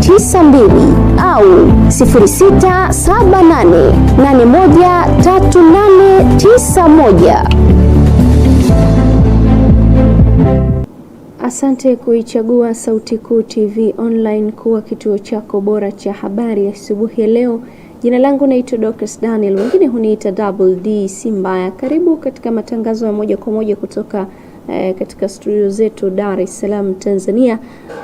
92 au 0678813891. Asante kuichagua Sauti Kuu TV Online kuwa kituo chako bora cha habari asubuhi ya leo. Jina langu naitwa Dorcas Daniel, wengine huniita Double D mbaya Karibu katika matangazo ya moja kwa moja kutoka eh, katika studio zetu Dar es Salaam Tanzania.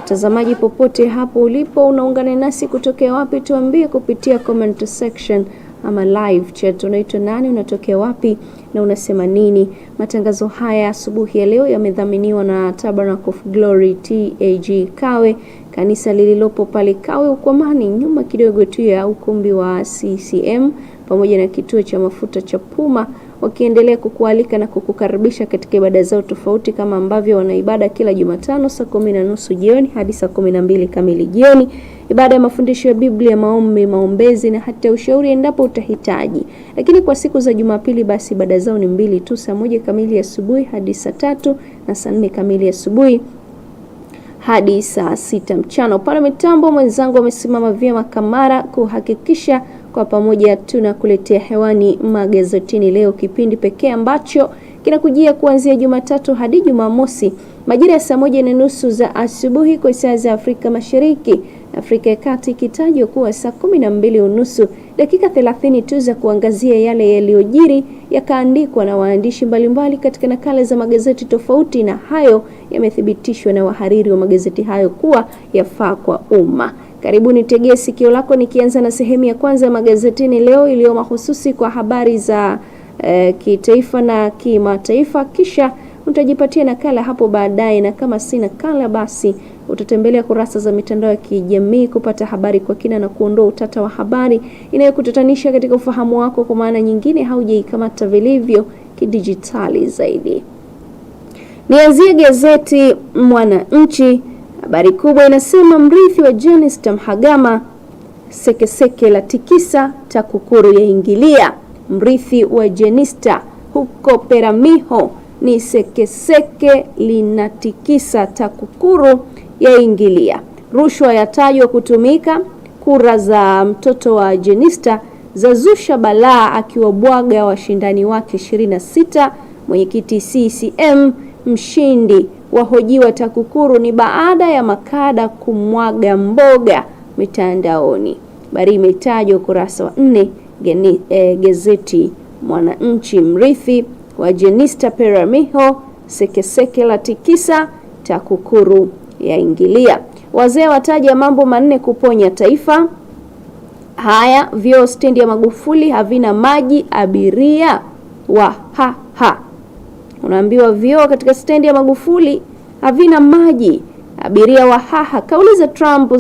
Mtazamaji popote hapo ulipo, unaungana nasi kutokea wapi? Tuambie kupitia comment section ama live chat. Unaitwa nani? Unatokea wapi na unasema nini? Matangazo haya asubuhi ya leo yamedhaminiwa na Tabernacle of Glory TAG Kawe, kanisa lililopo pale Kawe Ukwamani, nyuma kidogo tu ya ukumbi wa CCM pamoja na kituo cha mafuta cha Puma wakiendelea kukualika na kukukaribisha katika ibada zao tofauti kama ambavyo wanaibada kila Jumatano saa kumi na nusu jioni hadi saa kumi na mbili kamili jioni, ibada ya mafundisho ya Biblia, maombi, maombezi na hata ushauri endapo utahitaji. Lakini kwa siku za Jumapili basi ibada zao ni mbili tu, saa moja kamili asubuhi hadi saa tatu na saa nne kamili asubuhi hadi saa sita mchana. Upande mitambo mwenzangu amesimama vyema Kamara kuhakikisha kwa pamoja tunakuletea hewani magazetini leo, kipindi pekee ambacho kinakujia kuanzia Jumatatu hadi Jumamosi majira ya saa moja na nusu za asubuhi kwa saa za Afrika Mashariki, Afrika ya Kati ikitajwa kuwa saa kumi na mbili unusu. Dakika 30 tu za kuangazia yale yaliyojiri yakaandikwa na waandishi mbalimbali katika nakala za magazeti tofauti, na hayo yamethibitishwa na wahariri wa magazeti hayo kuwa yafaa kwa umma. Karibuni tegee sikio lako nikianza na sehemu ya kwanza ya magazetini leo iliyo mahususi kwa habari za e, kitaifa na kimataifa, kisha utajipatia nakala hapo baadaye, na kama si nakala basi utatembelea kurasa za mitandao ya kijamii kupata habari kwa kina na kuondoa utata wa habari inayokutatanisha katika ufahamu wako. Kwa maana nyingine, haujaikamata vilivyo kidijitali zaidi. Nianzie gazeti Mwananchi Habari kubwa inasema mrithi wa Jenista Mhagama sekeseke la tikisa, TAKUKURU yaingilia. Mrithi wa Jenista huko Peramiho ni sekeseke linatikisa, TAKUKURU yaingilia. Rushwa yatajwa kutumika. Kura za mtoto wa Jenista zazusha balaa, akiwabwaga washindani wake 26. Mwenyekiti CCM mshindi wahojiwa TAKUKURU ni baada ya makada kumwaga mboga mitandaoni. Habari imetajwa ukurasa wa nne e, gazeti Mwananchi. Mrithi wa Jenista Peramiho sekeseke la tikisa TAKUKURU yaingilia. Wazee wataja mambo manne kuponya taifa. Haya, vyoo stendi ya Magufuli havina maji, abiria wa ha ha Unaambiwa vyoo katika stendi ya Magufuli havina maji, abiria wa haha. Kauli za Trump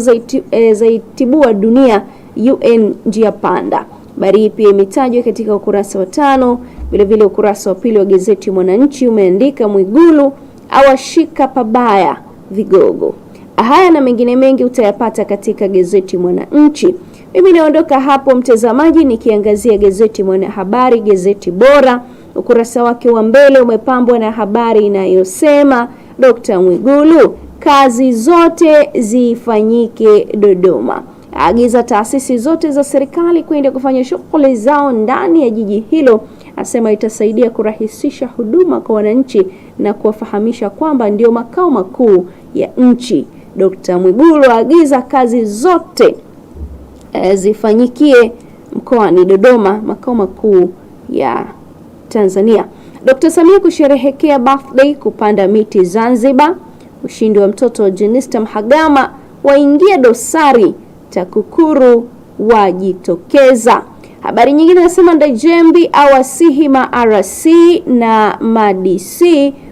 zaitibua e, eh, dunia UN njia panda. Habari hii pia imetajwa katika ukurasa wa tano. Vilevile ukurasa wa pili wa gazeti Mwananchi umeandika Mwigulu awashika pabaya vigogo. Haya na mengine mengi utayapata katika gazeti Mwananchi. Mimi naondoka hapo mtazamaji, nikiangazia gazeti Mwanahabari, gazeti bora Ukurasa wake wa mbele umepambwa na habari inayosema Dr. Mwigulu kazi zote zifanyike Dodoma, agiza taasisi zote za serikali kwenda kufanya shughuli zao ndani ya jiji hilo, asema itasaidia kurahisisha huduma kwa wananchi na kuwafahamisha kwamba ndio makao makuu ya nchi. Dkt. Mwigulu aagiza kazi zote eh, zifanyikie mkoani Dodoma, makao makuu ya Tanzania. Dr. Samia kusherehekea birthday, kupanda miti Zanzibar. Ushindi wa mtoto Jenista Mhagama waingia dosari, TAKUKURU wajitokeza. Habari nyingine nasema Ndajembi awasihi ma RC na madc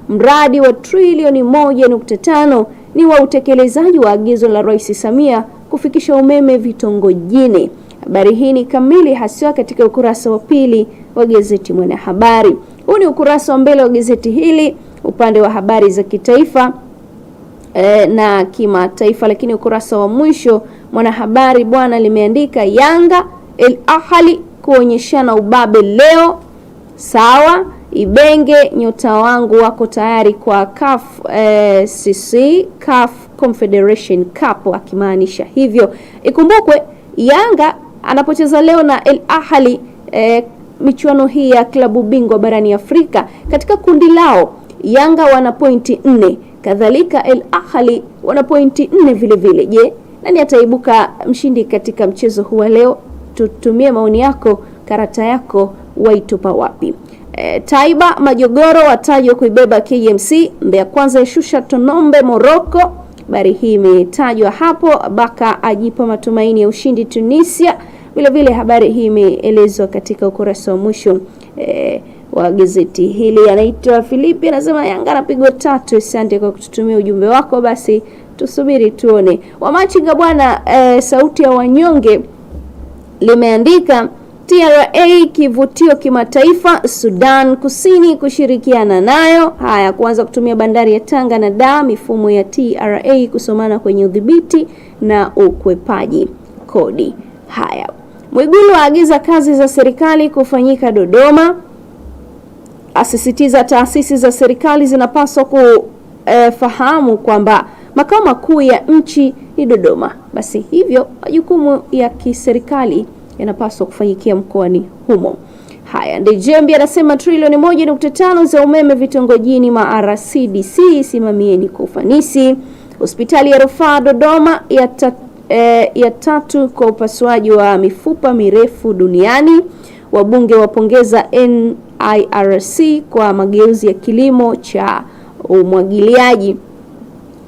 mradi wa trilioni 1.5 ni wa utekelezaji wa agizo la Rais Samia kufikisha umeme vitongojini. Habari hii ni kamili haswa katika ukurasa wa pili wa gazeti Mwanahabari. Huu ni ukurasa wa mbele wa gazeti hili upande wa habari za kitaifa e, na kimataifa, lakini ukurasa wa mwisho Mwanahabari bwana limeandika Yanga El Ahali kuonyeshana ubabe leo. Sawa, Ibenge nyota wangu wako tayari kwa CAF eh, CC CAF Confederation Cup, akimaanisha hivyo. Ikumbukwe Yanga anapocheza leo na El Ahli e, eh, michuano hii ya klabu bingwa barani Afrika. Katika kundi lao Yanga wana pointi nne, kadhalika El Ahli wana pointi nne vile vile. Je, nani ataibuka mshindi katika mchezo huu wa leo? Tutumie maoni yako, karata yako waitupa wapi? E, Taiba Majogoro watajwa kuibeba KMC. Mbeya Kwanza yashusha Tonombe Moroko habari hii imetajwa hapo. Baka ajipa matumaini ya ushindi Tunisia. Vilevile habari hii imeelezwa katika ukurasa wa mwisho e, wa gazeti hili. Anaitwa Filipi anasema Yanga anapigwa tatu. Asante kwa kututumia ujumbe wako, basi tusubiri tuone. Wamachinga bwana e, sauti ya wanyonge limeandika TRA kivutio kimataifa Sudan Kusini kushirikiana nayo. Haya, kuanza kutumia bandari ya Tanga na Dar, mifumo ya TRA kusomana kwenye udhibiti na ukwepaji kodi. Haya, Mwigulu aagiza kazi za serikali kufanyika Dodoma, asisitiza taasisi za serikali zinapaswa kufahamu kwamba makao makuu ya nchi ni Dodoma, basi hivyo majukumu ya kiserikali yanapaswa kufanyikia mkoani humo. Haya, Ndejembi anasema trilioni moja nukta tano za umeme vitongojini ma RCDC isimamieni kwa ufanisi. Hospitali ya rufaa Dodoma ya, ta, eh, ya tatu kwa upasuaji wa mifupa mirefu duniani. Wabunge wapongeza NIRC kwa mageuzi ya kilimo cha umwagiliaji.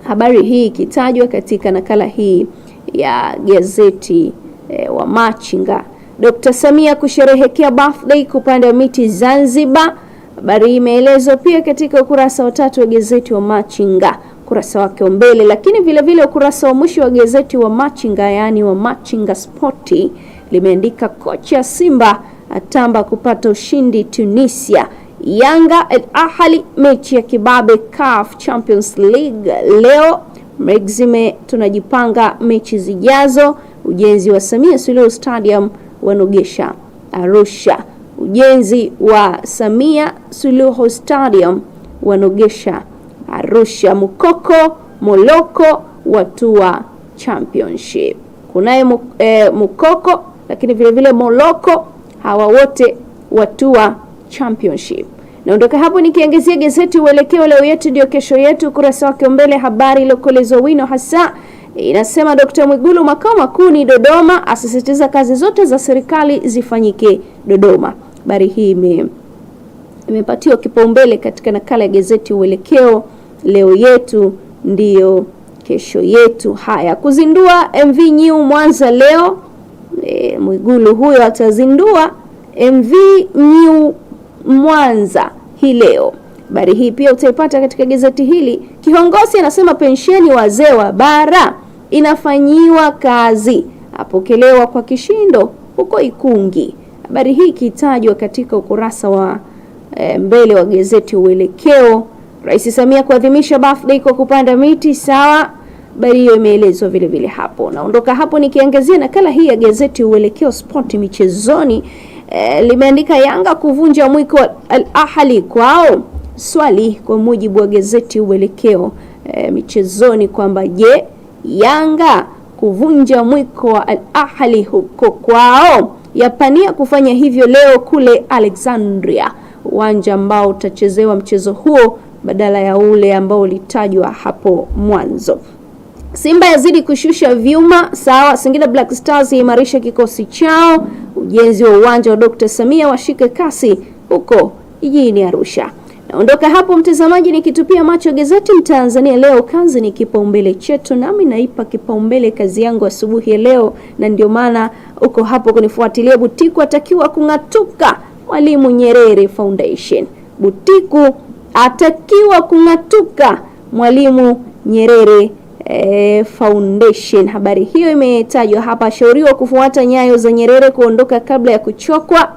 Habari hii ikitajwa katika nakala hii ya gazeti e, wa machinga. Dr. Samia kusherehekea birthday kupanda miti Zanzibar. Habari hii imeelezwa pia katika ukurasa wa tatu wa gazeti wa Machinga, ukurasa wake wa mbele, lakini vile vile ukurasa wa mwisho wa gazeti wa Machinga, yaani wa Machinga Sporti, limeandika kocha Simba atamba kupata ushindi Tunisia. Yanga Al Ahli mechi ya kibabe CAF Champions League leo. Megzime tunajipanga mechi zijazo ujenzi wa Samia Suluhu Stadium wanogesha Arusha, ujenzi wa Samia Suluhu Stadium wanogesha Arusha. Mukoko Moloko watua championship. Kunaye e, Mukoko lakini vile vile Moloko, hawa wote watua championship. Naondoka hapo nikiangazia gazeti Uelekeo, leo yetu ndio kesho yetu, ukurasa wake mbele, habari iliyokolezwa wino hasa Inasema Dkt. Mwigulu makao makuu ni Dodoma, asisitiza kazi zote za serikali zifanyike Dodoma. Habari hii ime imepatiwa kipaumbele katika nakala ya gazeti Uelekeo, leo yetu ndiyo kesho yetu. Haya, kuzindua MV Nyiu Mwanza leo. E, Mwigulu huyo atazindua MV New Mwanza hii leo. Habari hii pia utaipata katika gazeti hili. Kihongosi anasema pensheni wazee wa bara inafanyiwa kazi, apokelewa kwa kishindo huko Ikungi. Habari hii ikitajwa katika ukurasa wa e, mbele wa gazeti Uelekeo. Rais Samia kuadhimisha birthday kwa kupanda miti sawa. Habari hiyo imeelezwa vile vile hapo. Naondoka hapo nikiangazia nakala hii ya gazeti Uelekeo Sport michezoni. E, limeandika Yanga kuvunja mwiko Al Ahli kwao, swali kwa mujibu wa gazeti Uelekeo e, michezoni kwamba je, Yanga kuvunja mwiko wa Al Ahli huko kwao, yapania kufanya hivyo leo kule Alexandria, uwanja ambao utachezewa mchezo huo badala ya ule ambao ulitajwa hapo mwanzo. Simba yazidi kushusha vyuma sawa. Singida Black Stars yaimarisha kikosi chao. Ujenzi wa uwanja wa Dr. Samia washike kasi huko jijini Arusha. Naondoka hapo mtazamaji, nikitupia macho gazeti Mtanzania leo, kazi ni kipaumbele chetu, nami naipa kipaumbele kazi yangu asubuhi ya leo, na ndio maana uko hapo kunifuatilia. Butiku atakiwa kung'atuka Mwalimu Nyerere Foundation. Butiku atakiwa kung'atuka Mwalimu Nyerere eh, Foundation. Habari hiyo imetajwa hapa. Shauriwa kufuata nyayo za Nyerere, kuondoka kabla ya kuchokwa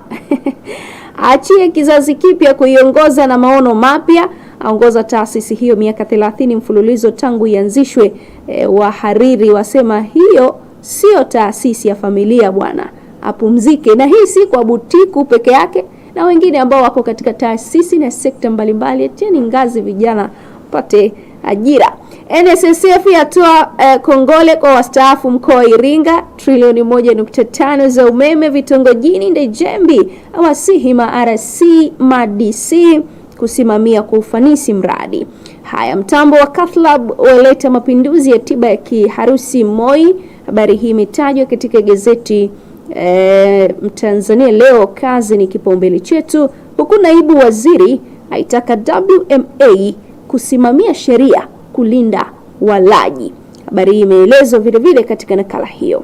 aachie kizazi kipya kuiongoza na maono mapya. Aongoza taasisi hiyo miaka 30 mfululizo tangu ianzishwe. E, wahariri wasema hiyo sio taasisi ya familia bwana, apumzike. Na hii si kwa butiku peke yake, na wengine ambao wako katika taasisi na sekta mbalimbali, atieni ngazi vijana pate ajira. NSSF yatoa eh, kongole kwa wastaafu mkoa Iringa. Trilioni 1.5 za umeme vitongojini Ndejembi awasihi MaRC MADC kusimamia kwa ufanisi mradi. Haya, mtambo wa Kathlab waleta mapinduzi ya tiba ya kiharusi Moi. Habari hii imetajwa katika gazeti e, Mtanzania leo. Kazi ni kipaumbele chetu, huku naibu waziri aitaka WMA kusimamia sheria kulinda walaji. Habari hii imeelezwa vilevile katika nakala hiyo.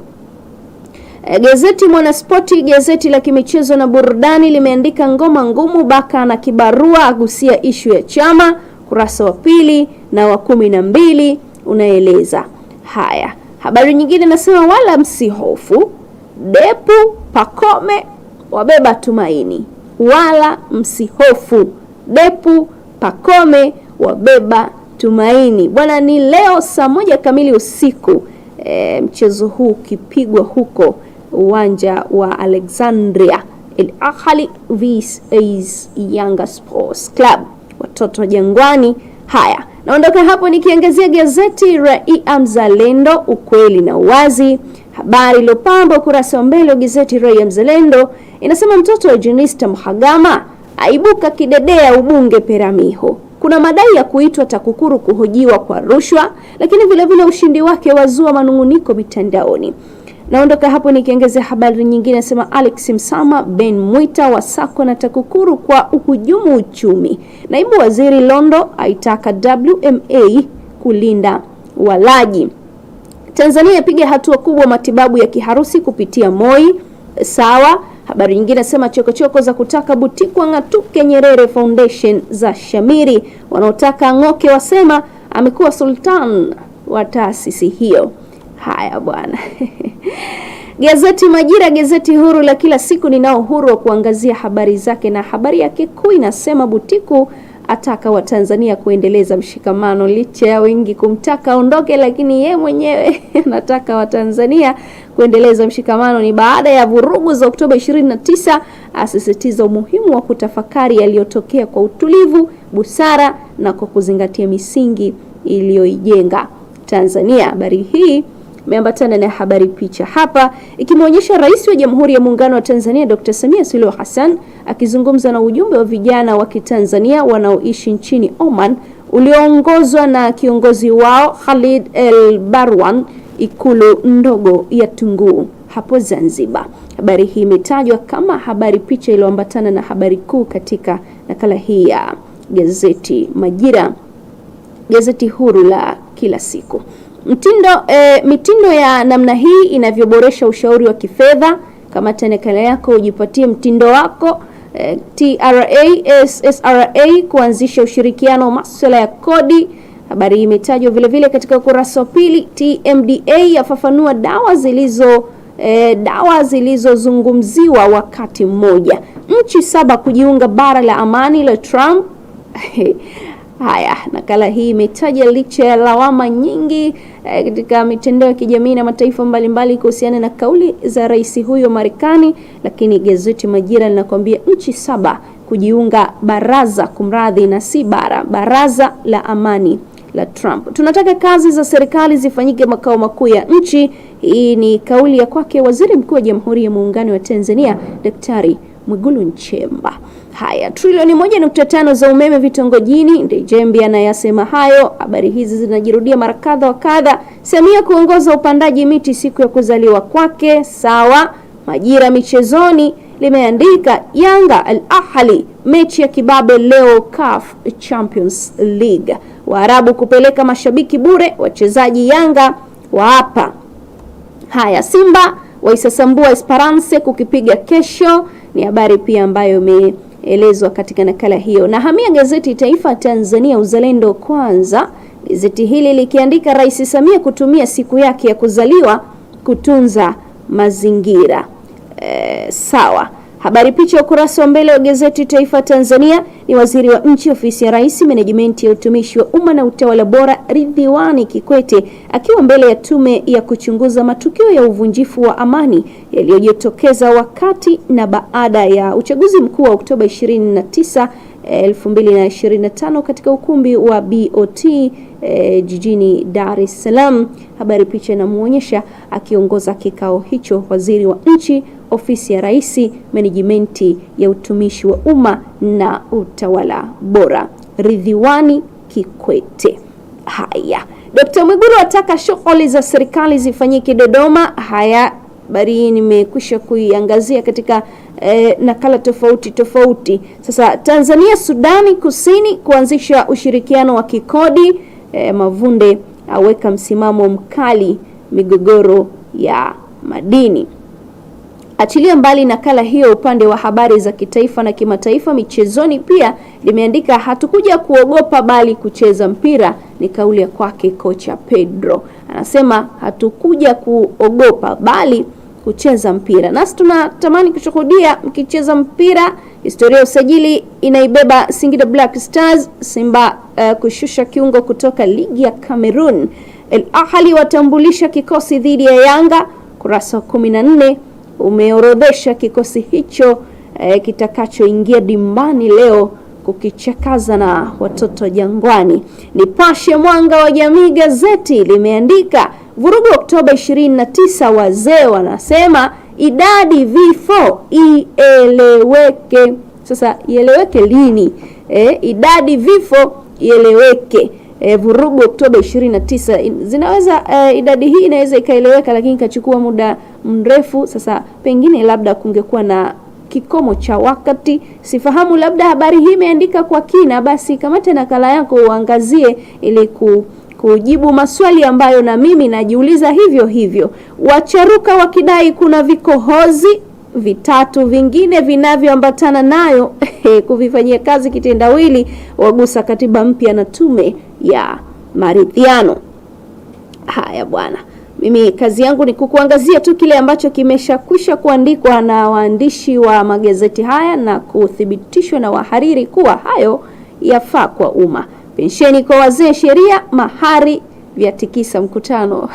Eh, gazeti Mwanaspoti, gazeti la kimichezo na burudani, limeandika ngoma ngumu, Baka na kibarua agusia ishu ya chama, kurasa wa pili na wa kumi na mbili unaeleza haya. Habari nyingine nasema, wala msihofu, Depu Pakome wabeba tumaini, wala msihofu, Depu Pakome wabeba tumaini. Bwana, ni leo saa moja kamili usiku e, mchezo huu ukipigwa huko uwanja wa Alexandria El ahli vs Yanga Sports Club, watoto Jangwani. Haya, naondoka hapo nikiangazia gazeti Raia Mzalendo, ukweli na uwazi. Habari iliyopamba ukurasa wa mbele wa gazeti Raia Mzalendo inasema mtoto wa Jenista Mhagama aibuka kidedea ubunge Peramiho. Kuna madai ya kuitwa TAKUKURU kuhojiwa kwa rushwa, lakini vilevile ushindi wake wazua manung'uniko mitandaoni. Naondoka hapo nikiongezea habari nyingine, nasema Alex Msama Ben Mwita wa Sako na TAKUKURU kwa uhujumu uchumi. Naibu Waziri Londo aitaka WMA kulinda walaji. Tanzania ipiga hatua kubwa matibabu ya kiharusi kupitia MOI. Sawa. Habari nyingine nasema chokochoko za kutaka Butiku ng'atuke, Nyerere Foundation za Shamiri, wanaotaka ang'oke wasema amekuwa sultan wa taasisi hiyo. Haya bwana Gazeti Majira, gazeti huru la kila siku, ninao uhuru wa kuangazia habari zake, na habari yake kuu inasema Butiku ataka Watanzania kuendeleza mshikamano licha ya wengi kumtaka aondoke, lakini ye mwenyewe anataka Watanzania kuendeleza mshikamano. Ni baada ya vurugu za Oktoba 29, asisitiza umuhimu wa kutafakari yaliyotokea kwa utulivu, busara na kwa kuzingatia misingi iliyoijenga Tanzania. Habari hii imeambatana na habari picha hapa ikimwonyesha Rais wa Jamhuri ya Muungano wa Tanzania Dr. Samia Suluhu Hassan akizungumza na ujumbe wa vijana wa Kitanzania wanaoishi nchini Oman ulioongozwa na kiongozi wao Khalid El Barwan ikulu ndogo ya Tunguu hapo Zanzibar. Habari hii imetajwa kama habari picha iliyoambatana na habari kuu katika nakala hii ya gazeti Majira, gazeti huru la kila siku. Mtindo, e, mitindo ya namna hii inavyoboresha ushauri wa kifedha. Kama tenekala yako ujipatie mtindo wako. E, eh, TRA, SSRA kuanzisha ushirikiano wa masuala ya kodi. Habari hii imetajwa vile vile katika ukurasa wa pili. TMDA yafafanua dawa zilizo e, dawa zilizozungumziwa wakati mmoja. Nchi saba kujiunga bara la amani la Trump Haya, nakala hii imetaja licha ya lawama nyingi eh, katika mitandao ya kijamii na mataifa mbalimbali kuhusiana na kauli za rais huyo Marekani, lakini gazeti Majira linakwambia nchi saba kujiunga baraza, kumradhi, na si bara, baraza la amani la Trump. Tunataka kazi za serikali zifanyike makao makuu ya nchi. Hii ni kauli ya kwake Waziri Mkuu wa Jamhuri ya Muungano wa Tanzania Daktari Mwigulu Nchemba. Haya, trilioni moja nukta tano za umeme vitongojini, Ndejembi anayasema hayo. Habari hizi zinajirudia mara kadha wa kadha. Samia kuongoza upandaji miti siku ya kuzaliwa kwake, sawa. Majira michezoni limeandika Yanga Al Ahli mechi ya kibabe leo CAF Champions League, Waarabu kupeleka mashabiki bure, wachezaji Yanga waapa. Haya, Simba waisasambua Esperance kukipiga kesho. Ni habari pia ambayo imeelezwa katika nakala hiyo. Na hamia gazeti Taifa Tanzania Uzalendo Kwanza, gazeti hili likiandika Rais Samia kutumia siku yake ya kuzaliwa kutunza mazingira. E, sawa Habari picha ya ukurasa wa mbele wa gazeti Taifa Tanzania ni waziri wa nchi ofisi ya rais menejimenti ya utumishi wa umma na utawala bora Ridhiwani Kikwete akiwa mbele ya tume ya kuchunguza matukio ya uvunjifu wa amani yaliyojitokeza wakati na baada ya uchaguzi mkuu wa Oktoba 29, 2025 eh, katika ukumbi wa BOT E, jijini Dar es Salaam. Habari picha inamwonyesha akiongoza kikao hicho waziri wa nchi ofisi ya Rais, menejimenti ya utumishi wa umma na utawala bora, Ridhiwani Kikwete. Haya, Dkt. Mwigulu ataka shughuli za serikali zifanyike Dodoma. Haya, habari hii nimekwisha kuiangazia katika eh, nakala tofauti tofauti. Sasa Tanzania Sudani Kusini kuanzisha ushirikiano wa kikodi eh, Mavunde aweka msimamo mkali migogoro ya madini. Achilia mbali nakala hiyo, upande wa habari za kitaifa na kimataifa, michezoni pia limeandika hatukuja kuogopa bali kucheza mpira, ni kauli ya kwake kocha Pedro. Anasema hatukuja kuogopa bali kucheza mpira, nasi tunatamani kushuhudia mkicheza mpira. Historia ya usajili inaibeba Singida Black Stars, Simba uh, kushusha kiungo kutoka ligi ya Cameroon. Al Ahly watambulisha kikosi dhidi ya Yanga. Kurasa wa 14 umeorodhesha kikosi hicho uh, kitakachoingia dimbani leo kukichakaza na watoto Jangwani. Nipashe Mwanga wa Jamii gazeti limeandika vurugu Oktoba 29, wazee wanasema idadi vifo ieleweke. Sasa ieleweke lini? E, idadi vifo ieleweke. E, vurugu Oktoba 29 zinaweza e, idadi hii inaweza ikaeleweka, lakini ikachukua muda mrefu. Sasa pengine labda kungekuwa na kikomo cha wakati, sifahamu, labda habari hii imeandika kwa kina, basi kamata nakala yako uangazie ili ku kujibu maswali ambayo na mimi najiuliza hivyo hivyo. Wacharuka wakidai kuna vikohozi vitatu vingine vinavyoambatana nayo eh, kuvifanyia kazi kitendawili, wagusa katiba mpya na tume ya maridhiano. Haya bwana, mimi kazi yangu ni kukuangazia tu kile ambacho kimeshakwisha kuandikwa na waandishi wa magazeti haya na kuthibitishwa na wahariri kuwa hayo yafaa kwa umma. Pensheni kwa wazee, sheria mahari vya tikisa mkutano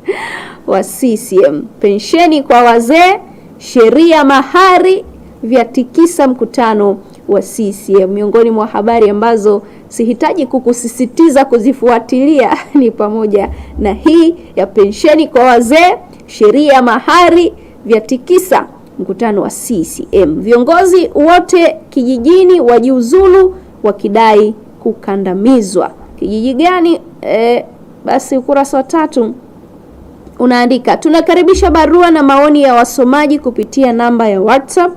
wa CCM. Pensheni kwa wazee sheria mahari vyatikisa mkutano wa CCM. Miongoni mwa habari ambazo sihitaji kukusisitiza kuzifuatilia ni pamoja na hii ya pensheni kwa wazee, sheria mahari vyatikisa mkutano wa CCM. Viongozi wote kijijini wajiuzulu wakidai kukandamizwa. Kijiji gani? E, basi ukurasa wa tatu unaandika tunakaribisha barua na maoni ya wasomaji kupitia namba ya WhatsApp.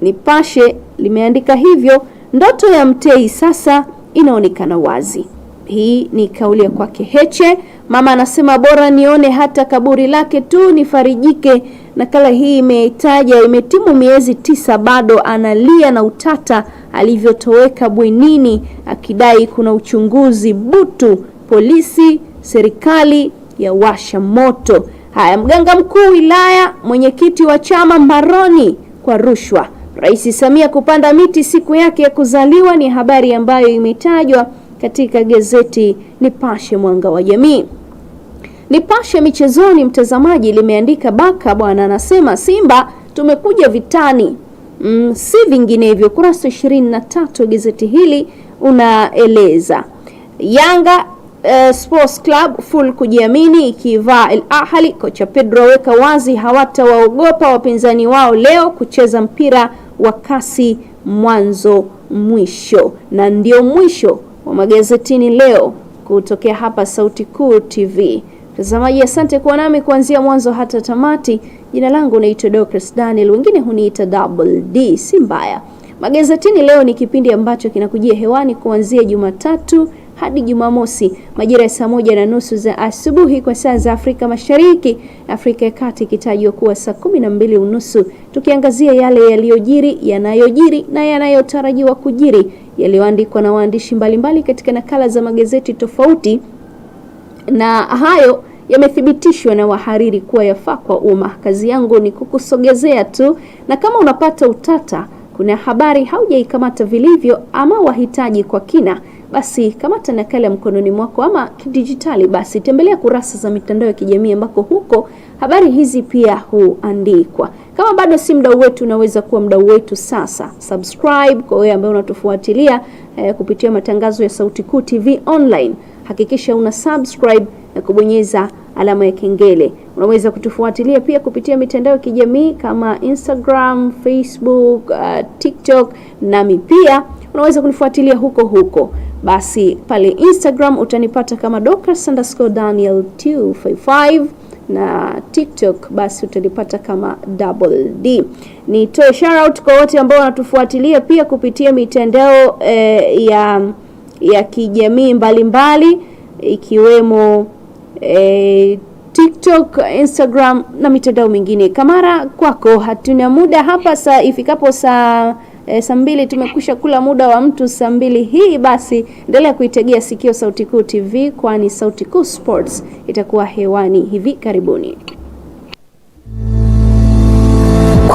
Nipashe limeandika hivyo, ndoto ya Mtei sasa inaonekana wazi. Hii ni kauli ya kwake Heche. Mama anasema bora nione hata kaburi lake tu nifarijike. Nakala hii imeitaja imetimu miezi tisa, bado analia na utata alivyotoweka bwenini, akidai kuna uchunguzi butu, polisi, serikali ya washa moto. Haya, mganga mkuu wilaya, mwenyekiti wa chama mbaroni kwa rushwa. Rais Samia kupanda miti siku yake ya kuzaliwa ni habari ambayo imetajwa katika gazeti Nipashe Mwanga wa Jamii. Nipashe michezoni, mtazamaji, limeandika Baka bwana anasema Simba tumekuja vitani, mm, si vinginevyo. Kurasa 23 gazeti hili unaeleza Yanga Uh, Sports Club full kujiamini ikivaa Al Ahly. Kocha Pedro aweka wazi hawatawaogopa wapinzani wao leo kucheza mpira wa kasi mwanzo mwisho. Na ndio mwisho wa magazetini leo kutokea hapa Sauti Kuu TV. Mtazamaji, asante kuwa nami kuanzia mwanzo hata tamati. Jina langu naitwa Dorcas Daniel, wengine huniita Double D, si mbaya. Magazetini leo ni kipindi ambacho kinakujia hewani kuanzia Jumatatu hadi Jumamosi majira ya saa moja na nusu za asubuhi kwa saa za Afrika Mashariki, Afrika ya Kati ikitajwa kuwa saa kumi na mbili unusu, tukiangazia yale yaliyojiri, yanayojiri na yanayotarajiwa kujiri yaliyoandikwa na waandishi mbalimbali katika nakala za magazeti tofauti, na hayo yamethibitishwa na wahariri kuwa yafaa kwa umma. Kazi yangu ni kukusogezea tu, na kama unapata utata, kuna habari haujaikamata vilivyo ama wahitaji kwa kina basi kamata nakala mkononi mwako ama kidijitali, basi tembelea kurasa za mitandao ya kijamii ambako huko habari hizi pia huandikwa. Kama bado si mdau wetu, unaweza kuwa mdau wetu sasa. Subscribe kwa wewe ambaye unatufuatilia eh, kupitia matangazo ya Sauti Kuu TV online, hakikisha una subscribe na kubonyeza alama ya kengele. Unaweza kutufuatilia pia kupitia mitandao ya kijamii kama Instagram, Facebook, uh, TikTok nami pia unaweza kunifuatilia huko huko. Basi pale Instagram utanipata kama Dorcas underscore Daniel 255 na TikTok basi utanipata kama Double D. Nitoe shout out kwa wote ambao wanatufuatilia pia kupitia mitandao eh, ya ya kijamii mbalimbali ikiwemo eh, TikTok, Instagram na mitandao mingine. Kamara kwako, hatuna muda hapa, saa ifikapo saa e, saa mbili tumekwisha kula muda wa mtu. Saa mbili hii basi endelea kuitegea sikio Sauti Kuu TV, kwani Sauti Kuu Sports itakuwa hewani hivi karibuni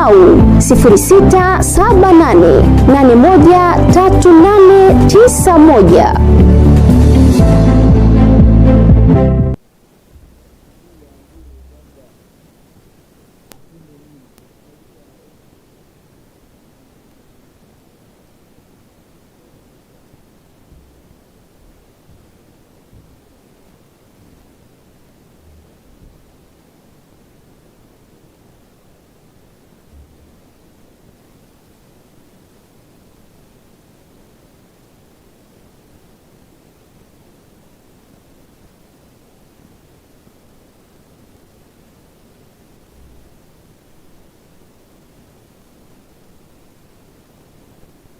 au 0678813891.